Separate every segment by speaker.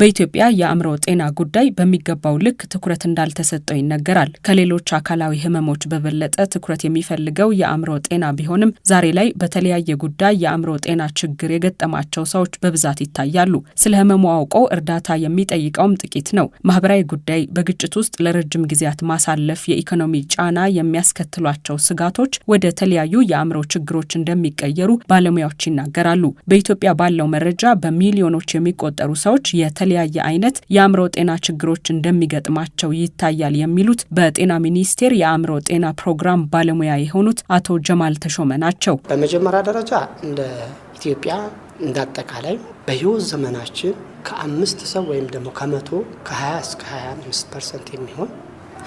Speaker 1: በኢትዮጵያ የአእምሮ ጤና ጉዳይ በሚገባው ልክ ትኩረት እንዳልተሰጠው ይነገራል። ከሌሎች አካላዊ ህመሞች በበለጠ ትኩረት የሚፈልገው የአእምሮ ጤና ቢሆንም ዛሬ ላይ በተለያየ ጉዳይ የአእምሮ ጤና ችግር የገጠማቸው ሰዎች በብዛት ይታያሉ። ስለ ህመሙ አውቆ እርዳታ የሚጠይቀውም ጥቂት ነው። ማህበራዊ ጉዳይ፣ በግጭት ውስጥ ለረጅም ጊዜያት ማሳለፍ፣ የኢኮኖሚ ጫና የሚያስከትሏቸው ስጋቶች ወደ ተለያዩ የአእምሮ ችግሮች እንደሚቀየሩ ባለሙያዎች ይናገራሉ። በኢትዮጵያ ባለው መረጃ በሚሊዮኖች የሚቆጠሩ ሰዎች የተ የተለያየ አይነት የአእምሮ ጤና ችግሮች እንደሚገጥማቸው ይታያል የሚሉት በጤና ሚኒስቴር የአእምሮ ጤና ፕሮግራም ባለሙያ የሆኑት አቶ ጀማል ተሾመ ናቸው።
Speaker 2: በመጀመሪያ ደረጃ እንደ ኢትዮጵያ እንዳጠቃላይ በህይወት ዘመናችን ከአምስት ሰው ወይም ደግሞ ከመቶ ከ20 እስከ 25 ፐርሰንት የሚሆን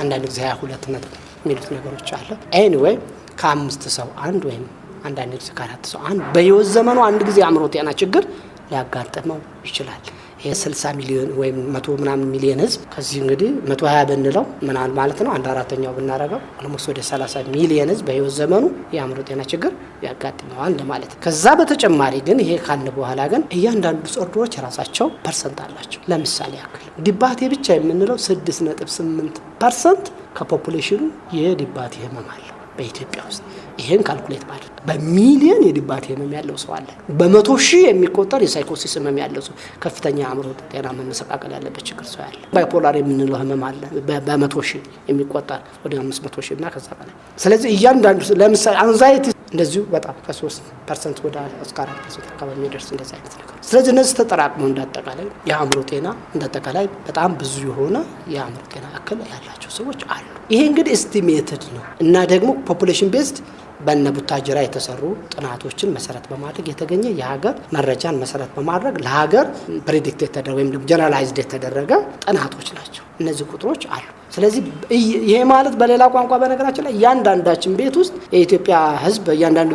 Speaker 2: አንዳንድ ጊዜ 22 ነጥብ የሚሉት ነገሮች አለ። ኤኒዌይ ከአምስት ሰው አንድ ወይም አንዳንድ ጊዜ ከአራት ሰው አንድ በህይወት ዘመኑ አንድ ጊዜ አእምሮ ጤና ችግር ሊያጋጥመው ይችላል። የ60 ሚሊዮን ወይም መቶ ምናምን ሚሊዮን ህዝብ ከዚህ እንግዲህ 120 ብንለው ምናል ማለት ነው አንድ አራተኛው ብናረገው ኦልሞስት ወደ 30 ሚሊዮን ህዝብ በህይወት ዘመኑ የአእምሮ ጤና ችግር ያጋጥመዋል ለማለት ነው። ከዛ በተጨማሪ ግን ይሄ ካን በኋላ ግን እያንዳንዱ ጸርዶዎች የራሳቸው ፐርሰንት አላቸው። ለምሳሌ ያክል ዲባቴ ብቻ የምንለው 6.8 ፐርሰንት ከፖፑሌሽኑ የዲባቴ ህመም አለ። በኢትዮጵያ ውስጥ ይሄን ካልኩሌት ማድረግ በሚሊየን የድባት ህመም ያለው ሰው አለ። በመቶ ሺህ የሚቆጠር የሳይኮሲስ ህመም ያለው ሰው ከፍተኛ አእምሮ ጤና መመሰቃቀል ያለበት ችግር ሰው ያለ ባይፖላር የምንለው ህመም አለ። በመቶ ሺህ የሚቆጠር ወደ አምስት መቶ ሺህ እና ከዛ በላይ ስለዚህ እያንዳንዱ ለምሳሌ አንዛይቲ እንደዚሁ በጣም ከ3 ፐርሰንት ወደ እስከ አራት ፐርሰንት አካባቢ የሚደርስ እንደዚህ አይነት ነገር። ስለዚህ እነዚህ ተጠራቅሞ እንዳጠቃላይ የአእምሮ ጤና እንዳጠቃላይ በጣም ብዙ የሆነ የአእምሮ ጤና እክል ያላቸው ሰዎች አሉ። ይሄ እንግዲህ ኤስቲሜትድ ነው እና ደግሞ ፖፑሌሽን ቤዝድ በነ ቡታጅራ የተሰሩ ጥናቶችን መሰረት በማድረግ የተገኘ የሀገር መረጃን መሰረት በማድረግ ለሀገር ፕሬዲክት የተደረገ ወይም ጀነራላይዝድ የተደረገ ጥናቶች ናቸው። እነዚህ ቁጥሮች አሉ። ስለዚህ ይሄ ማለት በሌላ ቋንቋ በነገራችን ላይ እያንዳንዳችን ቤት ውስጥ የኢትዮጵያ ሕዝብ እያንዳንዱ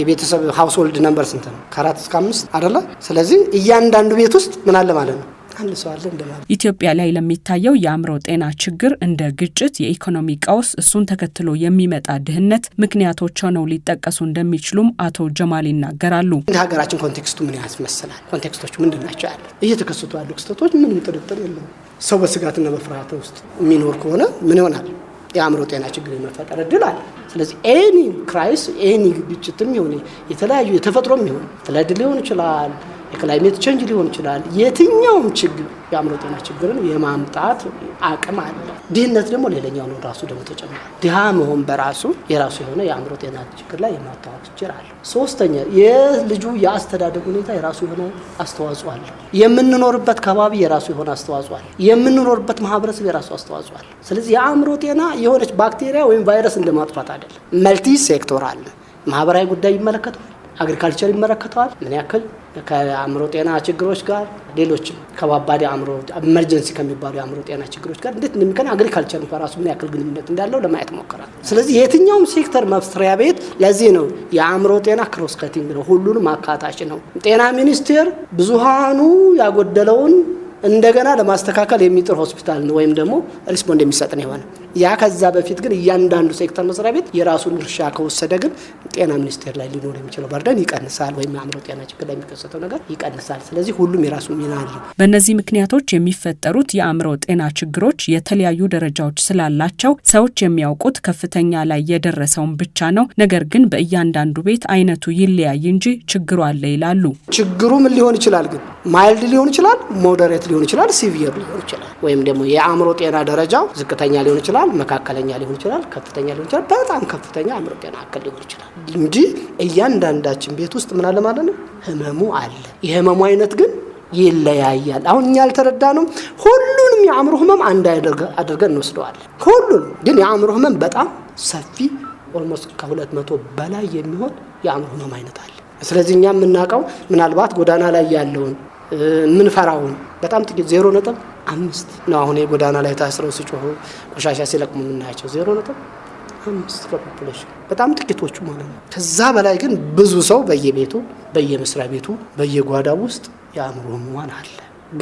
Speaker 2: የቤተሰብ ሀውስሆልድ ነንበር ስንት ነው? ከአራት እስከ አምስት አደለ? ስለዚህ እያንዳንዱ ቤት ውስጥ ምን አለ ማለት ነው ቀንሰዋለን እንደማለት።
Speaker 1: ኢትዮጵያ ላይ ለሚታየው የአእምሮ ጤና ችግር እንደ ግጭት፣ የኢኮኖሚ ቀውስ፣ እሱን ተከትሎ የሚመጣ ድህነት ምክንያቶች ሆነው ሊጠቀሱ እንደሚችሉም አቶ ጀማል ይናገራሉ።
Speaker 2: እንደ ሀገራችን ኮንቴክስቱ ምን ያስመስላል? ኮንቴክስቶቹ ምንድን ናቸው? ያለ እየተከሰቱ ያሉ ክስተቶች ምንም ጥርጥር የለም። ሰው በስጋትና በፍርሃት ውስጥ የሚኖር ከሆነ ምን ይሆናል? የአእምሮ ጤና ችግር የመፈጠር እድል አለ። ስለዚህ ኤኒ ክራይስ ኤኒ ግጭትም ይሁን የተለያዩ የተፈጥሮም ይሁን ፍለድ ሊሆን ይችላል የክላይሜት ቼንጅ ሊሆን ይችላል። የትኛውም ችግር የአእምሮ ጤና ችግርን የማምጣት አቅም አለ። ድህነት ደግሞ ሌላኛው ነው። ራሱ ደግሞ ተጨማሪ ድሃ መሆን በራሱ የራሱ የሆነ የአእምሮ ጤና ችግር ላይ የማታወቅ ችግር አለ። ሶስተኛ የልጁ የአስተዳደግ ሁኔታ የራሱ የሆነ አስተዋጽኦ አለ። የምንኖርበት ከባቢ የራሱ የሆነ አስተዋጽኦ አለ። የምንኖርበት ማህበረሰብ የራሱ አስተዋጽኦ አለ። ስለዚህ የአእምሮ ጤና የሆነች ባክቴሪያ ወይም ቫይረስ እንደማጥፋት አይደለም። መልቲ ሴክቶር አለ። ማህበራዊ ጉዳይ ይመለከተዋል። አግሪካልቸር ይመለከተዋል። ምን ያክል ከአእምሮ ጤና ችግሮች ጋር ሌሎችም ከባባድ አእምሮ ኤመርጀንሲ ከሚባሉ የአእምሮ ጤና ችግሮች ጋር እንዴት እንደሚከን አግሪካልቸር በራሱ ምን ያክል ግንኙነት እንዳለው ለማየት ሞከራል። ስለዚህ የትኛውም ሴክተር መስሪያ ቤት ለዚህ ነው የአእምሮ ጤና ክሮስከቲንግ ነው፣ ሁሉንም አካታች ነው። ጤና ሚኒስቴር ብዙሃኑ ያጎደለውን እንደገና ለማስተካከል የሚጥር ሆስፒታል ነው ወይም ደግሞ ሪስፖንድ የሚሰጥን የሆነ ያ። ከዛ በፊት ግን እያንዳንዱ ሴክተር መስሪያ ቤት የራሱን ድርሻ ከወሰደ ግን ጤና ሚኒስቴር ላይ ሊኖር የሚችለው በርደን ይቀንሳል፣ ወይም የአእምሮ ጤና ችግር ላይ የሚከሰተው ነገር ይቀንሳል። ስለዚህ ሁሉም የራሱ ሚና አለው።
Speaker 1: በእነዚህ ምክንያቶች የሚፈጠሩት የአእምሮ ጤና ችግሮች የተለያዩ ደረጃዎች ስላላቸው ሰዎች የሚያውቁት ከፍተኛ ላይ የደረሰውን ብቻ ነው። ነገር ግን በእያንዳንዱ ቤት አይነቱ ይለያይ እንጂ ችግሩ አለ ይላሉ።
Speaker 2: ችግሩ ምን ሊሆን ይችላል ግን ማይልድ ሊሆን ይችላል፣ ሞደሬት ሊሆን ይችላል፣ ሲቪየር ሊሆን ይችላል። ወይም ደግሞ የአእምሮ ጤና ደረጃው ዝቅተኛ ሊሆን ይችላል፣ መካከለኛ ሊሆን ይችላል፣ ከፍተኛ ሊሆን ይችላል፣ በጣም ከፍተኛ አእምሮ ጤና እክል ሊሆን ይችላል። እንጂ እያንዳንዳችን ቤት ውስጥ ምን አለ ማለት ነው ህመሙ አለ። የህመሙ አይነት ግን ይለያያል። አሁን እኛ ያልተረዳነው ሁሉንም የአእምሮ ህመም አንድ አድርገን እንወስደዋለን። ሁሉንም ግን የአእምሮ ህመም በጣም ሰፊ ኦልሞስት ከሁለት መቶ በላይ የሚሆን የአእምሮ ህመም አይነት አለ። ስለዚህ እኛ የምናውቀው ምናልባት ጎዳና ላይ ያለውን የምንፈራውን በጣም ጥቂት ዜሮ ነጥብ አምስት ነው። አሁን የጎዳና ላይ ታስረው ሲጮሁ ቆሻሻ ሲለቅሙ የምናያቸው ዜሮ ነጥብ አምስት ከፖፑሌሽን በጣም ጥቂቶቹ ማለት ነው። ከዛ በላይ ግን ብዙ ሰው በየቤቱ በየመስሪያ ቤቱ በየጓዳው ውስጥ የአእምሮ ህሙማን አለ።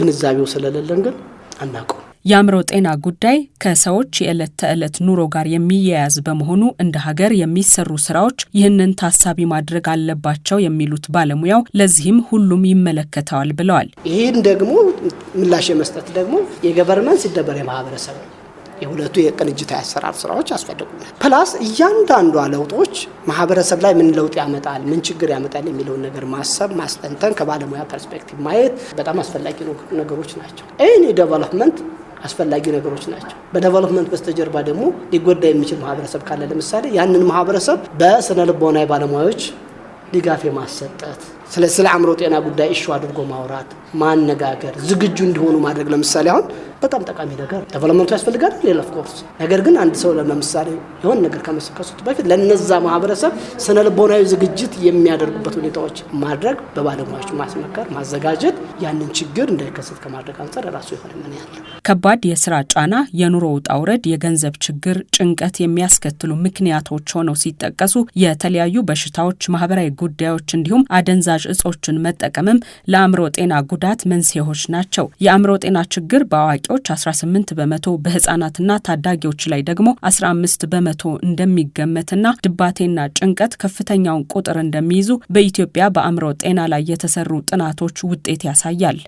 Speaker 2: ግንዛቤው ስለሌለን ግን አናውቀውም።
Speaker 1: የአእምሮ ጤና ጉዳይ ከሰዎች የዕለት ተዕለት ኑሮ ጋር የሚያያዝ በመሆኑ እንደ ሀገር የሚሰሩ ስራዎች ይህንን ታሳቢ ማድረግ አለባቸው የሚሉት ባለሙያው ለዚህም ሁሉም ይመለከተዋል ብለዋል።
Speaker 2: ይህን ደግሞ ምላሽ የመስጠት ደግሞ የገቨርመንት ሲደበር የማህበረሰብ ነው። የሁለቱ የቅንጅት አሰራር ስራዎች ያስፈልጉናል። ፕላስ እያንዳንዷ ለውጦች ማህበረሰብ ላይ ምን ለውጥ ያመጣል፣ ምን ችግር ያመጣል የሚለውን ነገር ማሰብ ማስጠንተን፣ ከባለሙያ ፐርስፔክቲቭ ማየት በጣም አስፈላጊ ነገሮች ናቸው። ኤኒ ዴቨሎፕመንት አስፈላጊ ነገሮች ናቸው። በዴቨሎፕመንት በስተጀርባ ደግሞ ሊጎዳ የሚችል ማህበረሰብ ካለ ለምሳሌ ያንን ማህበረሰብ በስነ ልቦና ባለሙያዎች ድጋፍ የማሰጠት ስለ አእምሮ ጤና ጉዳይ እሹ አድርጎ ማውራት፣ ማነጋገር፣ ዝግጁ እንዲሆኑ ማድረግ ለምሳሌ አሁን በጣም ጠቃሚ ነገር ዴቨሎፕመንቱ ያስፈልጋል ሌላ ኦፍ ኮርስ። ነገር ግን አንድ ሰው ለምሳሌ የሆን ነገር ከመሰከሱት በፊት ለነዛ ማህበረሰብ ስነ ልቦናዊ ዝግጅት የሚያደርጉበት ሁኔታዎች ማድረግ፣ በባለሙያዎች ማስመከር፣ ማዘጋጀት ያንን ችግር እንዳይከሰት ከማድረግ አንጻር ራሱ የሆነ ምን ያለ
Speaker 1: ከባድ የስራ ጫና፣ የኑሮ ውጣ ውረድ፣ የገንዘብ ችግር፣ ጭንቀት የሚያስከትሉ ምክንያቶች ሆነው ሲጠቀሱ የተለያዩ በሽታዎች፣ ማህበራዊ ጉዳዮች እንዲሁም አደንዛ አደንዛዥ እጾችን መጠቀምም ለአእምሮ ጤና ጉዳት መንስኤዎች ናቸው። የአእምሮ ጤና ችግር በአዋቂዎች 18 በመቶ በህጻናትና ታዳጊዎች ላይ ደግሞ 15 በመቶ እንደሚገመትና ድባቴና ጭንቀት ከፍተኛውን ቁጥር እንደሚይዙ በኢትዮጵያ በአእምሮ ጤና ላይ የተሰሩ ጥናቶች ውጤት ያሳያል።